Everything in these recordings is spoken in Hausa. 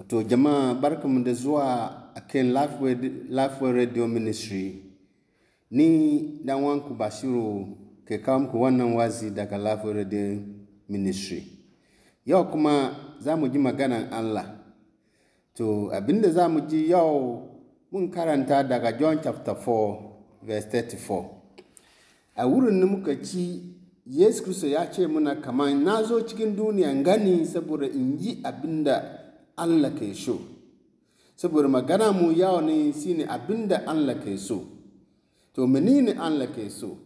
Wato jama'a barkanmu da zuwa a kan Lifeway Radio Ministry. Ni dan wanku Bashiru ke kawo muku wannan wazi daga Lifeway Radio Ministry. Yau kuma za mu ji maganan Allah. To abinda za mu ji yau mun karanta daga John chapter 4 verse 34. A wurin da muka ci Yesu Kristo ya ce muna kamar na zo cikin duniya gani saboda in yi abinda Allah ke so saboda magana mu yawa ne ne abin da Allah ke so to menene Allah ke so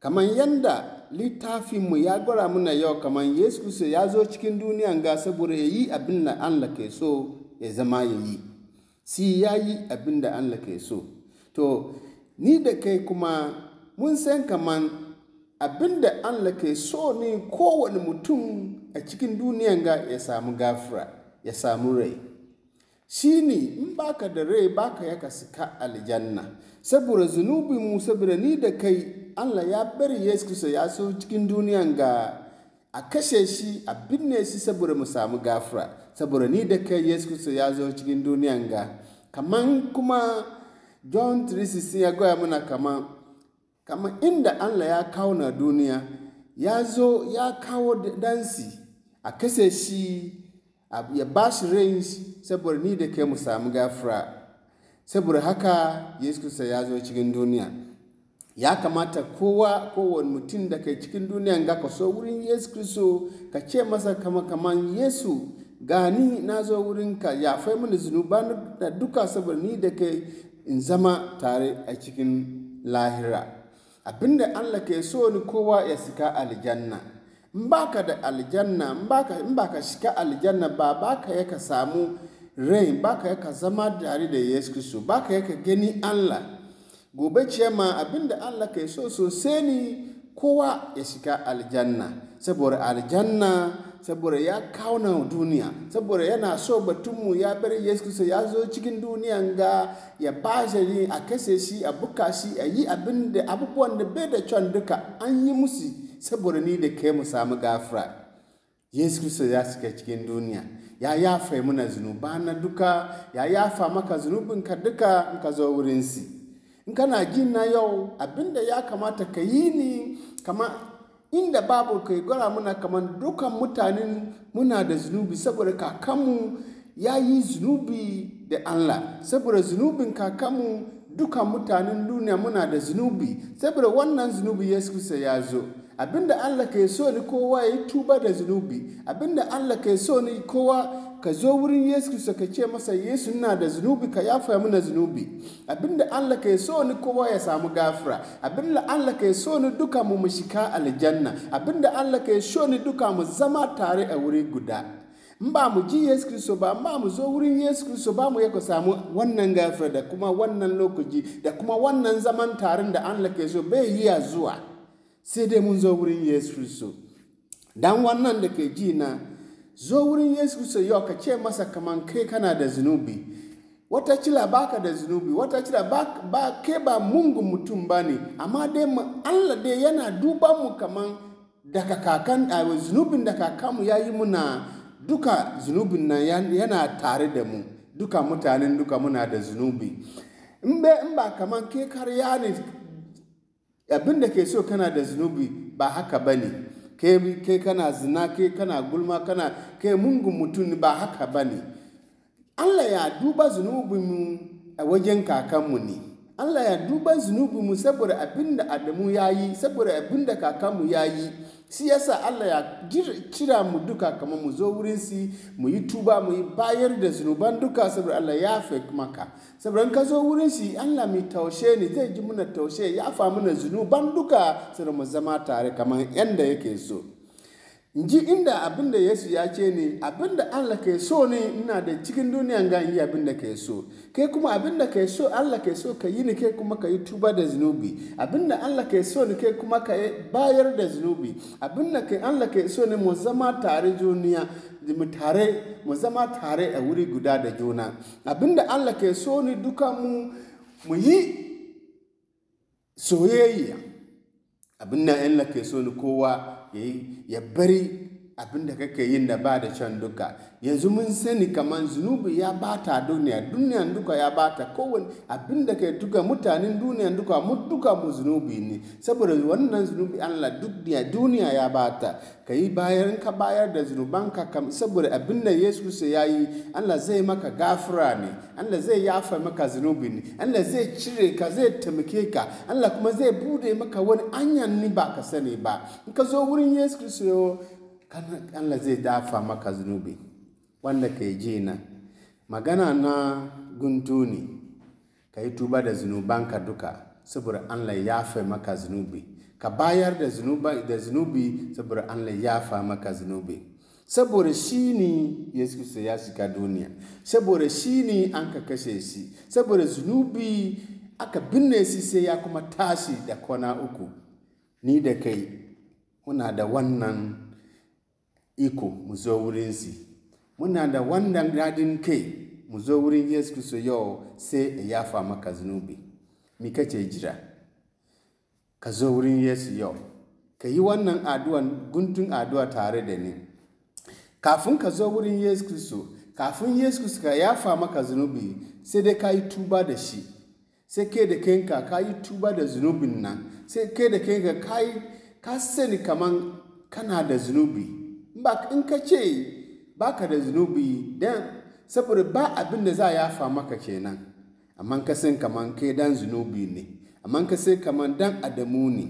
kamar yadda littafin mu ya gwara muna yau kamar Yesu kusa ya zo cikin duniya ga saboda ya yi abin da Allah ke so ya zama ya yi si ya yi abin da Allah ke so to ni da kai kuma mun san kaman abin da Allah ke so ne kowane mutum a cikin duniya ga ya samu gafira ya samu rai shi ne in baka da rai baka ya ka sika aljanna saboda zunubin mu saboda ni da kai allah ya bari yesu kristo ya so cikin duniyan ga a kashe shi a binne shi saboda mu samu gafara saboda ni da kai yesu kristo ya zo cikin duniyan ga kaman kuma john 3:16 ya goya muna kaman kaman inda allah ya kawo na duniya ya zo ya kawo dansi a kashe shi ya bashi shi range saboda ni da kai mu samu gafira saboda haka yesu kirista ya zo cikin duniya ya kamata kowa kowane mutum da kai cikin duniya ga ka wurin yesu kristo ka ce masa kama kaman yesu gani na zo ka ya fai mini zunuba da duka saboda ni da kai in zama tare a cikin lahira abinda allah ke so ni kowa ya sika aljanna in baka da aljanna in baka shika shiga aljanna ba baka yaka samu rain baka yaka zama tare da Yesu Kristo baka yaka gani Allah gobe ma abinda Allah kai so sosai ni kowa ya shika aljanna saboda aljanna saboda ya kauna duniya saboda yana so batunmu ya bar yesu kristo ya zo cikin duniya ga ya ba shi a kase shi a buka shi a yi abin da abubuwan da bai da can duka an yi musu saboda ni da kai mu samu gafara yesu kristo ya sika cikin duniya ya yafa muna zunuba na duka ya yafa maka zunubinka duka in ka zo wurinsi in kana jin na yau abinda ya kamata ka yi ni kama inda babu kai gwara muna kamar dukan mutanen muna da zunubi saboda kakanmu ya yi zunubi da Allah saboda zunubin kakanmu dukan mutanen duniya muna da zunubi saboda wannan zunubi yesu kristo ya zo abinda Allah ke so ne kowa ya yi tuba da zunubi abinda Allah ke so ne kowa ka zo wurin Yesu Kristo ka ce masa Yesu na da zunubi ka yafa mana zunubi abinda Allah ke so ni kowa ya samu gafara abinda Allah ke so ni duka mu mu shika aljanna abinda Allah ke so ni duka mu zama tare a wuri guda in ba mu ji Yesu Kristo ba ba mu zo wurin Yesu Kristo ba mu yaka samu wannan gafara da kuma wannan lokaci da kuma wannan zaman tarin da Allah ke so bai yi zuwa sai dai mun zo wurin Yesu Kristo. Dan wannan da ke ji na zo wurin Yesu Kristo yau ka ce masa kaman kai kana da zunubi. Wata cila baka da zunubi, wata cila ba, ba ke ba mungun mutum ba ne, amma dai Allah dai yana duban mu kaman daga kakan zunubin da kakanmu ya yi muna duka zunubin na yana tare da mu, duka mutanen duka muna da zunubi. In ba kaman ke karya ne abin da ke so kana da zunubi ba haka ba ne kai kana zina kai kana gulma kana kai mungun mutum ba haka ba ne allah ya duba zunubinmu a wajen kakanmu ne allah ya duba zunubinmu saboda abin da adamu ya yi saboda abin da kakanmu ya yi shi yasa Allah ya cira mu duka kamar mu zo wurin si mu yi tuba mu yi bayar da zunuban duka saboda Allah ya fi maka saboda ka zo wurin si Allah mai taushe ne zai ji muna taushe ya fa muna zunuban duka saboda mu zama tare kamar yanda yake so in ji inda abin da yesu ya ce ne abin da allah ke so ne ina da cikin duniyan ga yi abin da ke so kai kuma abin da ke so allah ke so ka yi ne kai kuma ka yi tuba da zinubi abin da allah ke so ne kai kuma ka bayar da zinubi abin da allah ke so ne mu zama tare juniya mu tare mu zama tare a wuri guda da juna abin da allah ke so ne duka mu mu yi soyayya abin da allah ke so ne kowa yɛbɛri abin da kake yin da ba da can duka yanzu mun sani kamar zunubi ya bata duniya duniya duka ya bata kowane abin da duka mutanen duniya duka mu duka mu zunubi ne saboda wannan zunubi Allah duk duniya ya bata ka yi bayan ka bayar da zunubanka kam saboda abin da Yesu Kristo ya yi Allah zai maka gafura ne Allah zai yafa maka zunubi ne Allah zai cire ka zai taimake ka Allah kuma zai bude maka wani anyan ni ba ka sani ba in ka zo wurin Yesu Kristo Allah zai dafa maka zunubi wanda ka ji na magana na guntu ne ka yi tuba da zunubanka duka saboda Allah ya fa maka zunubi ka bayar da zunubi da zunubi saboda Allah ya fa maka zunubi saboda shi ne Yesu Kristo ya shiga duniya saboda shi ne an ka kashe shi saboda zunubi aka binne shi sai ya kuma tashi da kwana uku ni da kai muna da wannan iko mu zo wurinsu muna da wannan daɗin kai mu zo wurin yesu kristo yau sai ya yafa maka zunubi mi ce jira ka zo wurin yesu yau ka yi wannan addu'an guntun addu'a tare da ni kafin ka zo wurin yesu kristo kafin yesu kristo ka yafa maka zunubi sai dai ka yi tuba da shi sai kai da kanka ka yi tuba da zunubin nan sai kai da kanka ka yi ka sani kaman kana da zunubi in ka ce ba ka da zunubi dan saboda ba abin da za a yafa maka kenan amma ka san kaman kai dan zunubi ne amma ka san kaman dan adamu ne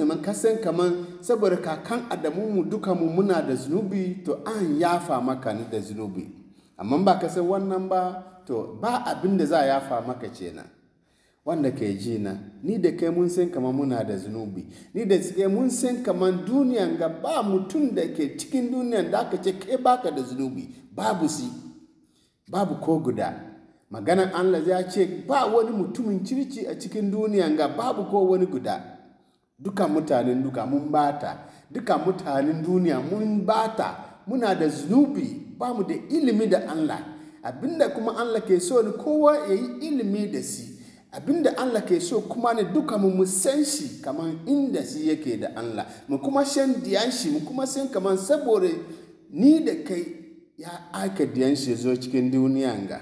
amma ka san kaman saboda kakan adamu mu duka mu muna da zunubi to an yafa maka ni da zunubi amma ba ka san wannan ba to ba abin da za a yafa maka kenan wanda ke ji na ni da kai mun san kamar muna da zunubi ni da kai mun san kamar duniyan ga ba mutum da ke cikin duniya da aka ce kai baka da zunubi babu si babu ko guda maganan Allah ya ce ba wani mutumin kirki a cikin duniyan ga babu ko wani guda duka mutanen duka mun bata duka mutanen duniya mun bata muna da zunubi ba mu da ilimi da Allah abinda kuma Allah ke so ni kowa ya yi ilimi da si abinda Allah ke so kuma ne duka mu san shi kamar inda shi yake da Allah mu kuma san diyan shi mu kuma san kamar saboda ni da kai ya aka diyan shi zo cikin duniya ga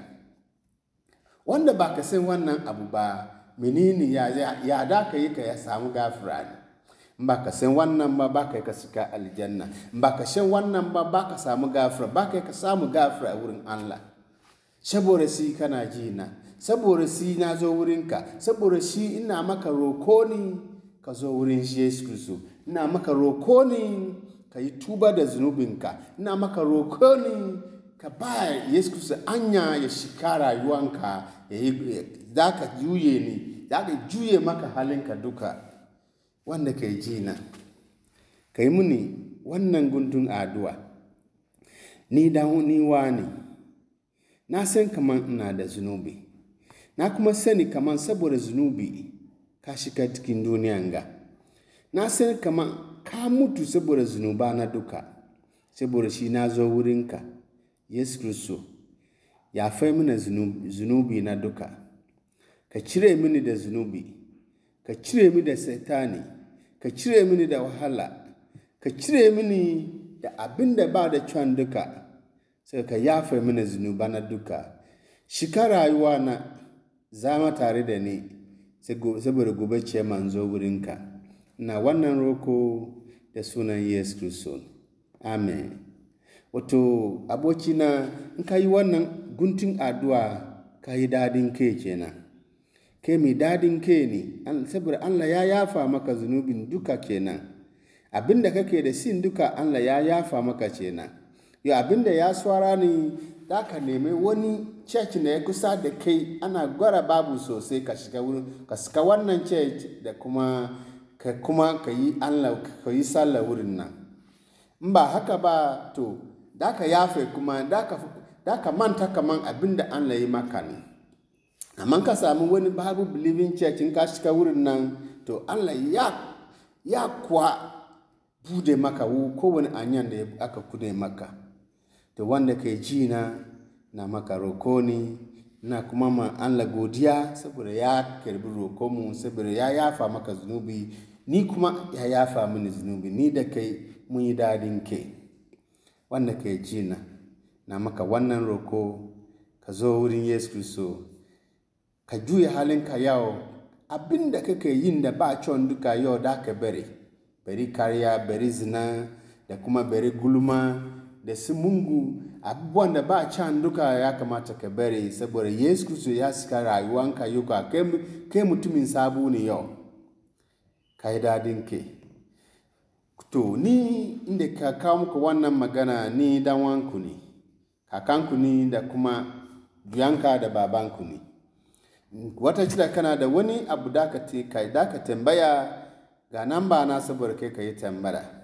wanda ba ka san wannan abu ba menene ya ya da ka yi ka ya samu gafira ne ba ka san wannan ba ba ka yi ka shiga aljanna ba ka san wannan ba ba ka samu gafira ba ka yi ka samu gafira a wurin Allah saboda shi kana ji na saboda shi na zo wurinka saboda shi ina maka roko ne ka zo wurin shi Yesu Kristo ina maka roko ne ka yi tuba da zunubinka ina maka roko ne ka ba Yesu Kristo anya ya shika rayuwanka za ka juye ni za ka juye maka halinka duka wanda ka yi ji na ka yi muni wannan gundun addu'a ni dawo ni ne na san kamar ina da zunubi na kuma sani kaman saboda zunubi ka shiga cikin duniyan ga na sani kaman ka mutu saboda zunuba na duka saboda shi na zo wurinka yesu kristo ya fai mana zunubi na duka ka cire mini da zunubi ka cire mini da satani ka cire mini da wahala ka cire mini da abin da ba da can duka sai ka yafe mini zunuba na duka shika rayuwa na zama tare da ni saboda gobe ce manzo wurinka na wannan roko da sunan yesu kristo amen wato abokina in ka yi wannan guntun addu'a ka yi dadin kai kenan kai mai dadin kai ne saboda allah ya yafa maka zunubin duka kenan abinda kake da sin duka allah ya yafa maka kenan yau abinda ya swara ni. da ka nemi wani church na ya kusa da kai ana gwara babu sosai ka shiga wurin ka suka wannan church da kuma ka kuma ka yi sallah wurin nan in ba haka ba to da ka yafe kuma da ka manta kaman abin da Allah maka ne amma ka samu wani babu believing church in ka shiga wurin nan to Allah ya ya kwa bude maka kowane anyan da aka kude maka da wanda ka ji na na maka ne na kuma ma Allah godiya saboda ya karbi mu saboda ya yafa maka zunubi ni kuma ya yafa mini zunubi ni da kai mun yi dadin ke wanda ka ji na na maka wannan roko ka zo wurin Yesu Kristo ka juya halinka yau abin da kake yin da ba con duka yau da ka bari bari kariya bari zina da kuma bari gulma da su mungu abubuwan da ba can duka ya kamata ka bari saboda yesu kristo ya sika rayuwanka yau ka kai mutumin sabu ne yau ka yi dadin ke to ni inda ka kawo muku wannan magana ni dan wanku ne kakanku ne da kuma duyanka da babanku ne wata cida kana da wani abu da ka tambaya ga nan ba na saboda kai ka yi tambaya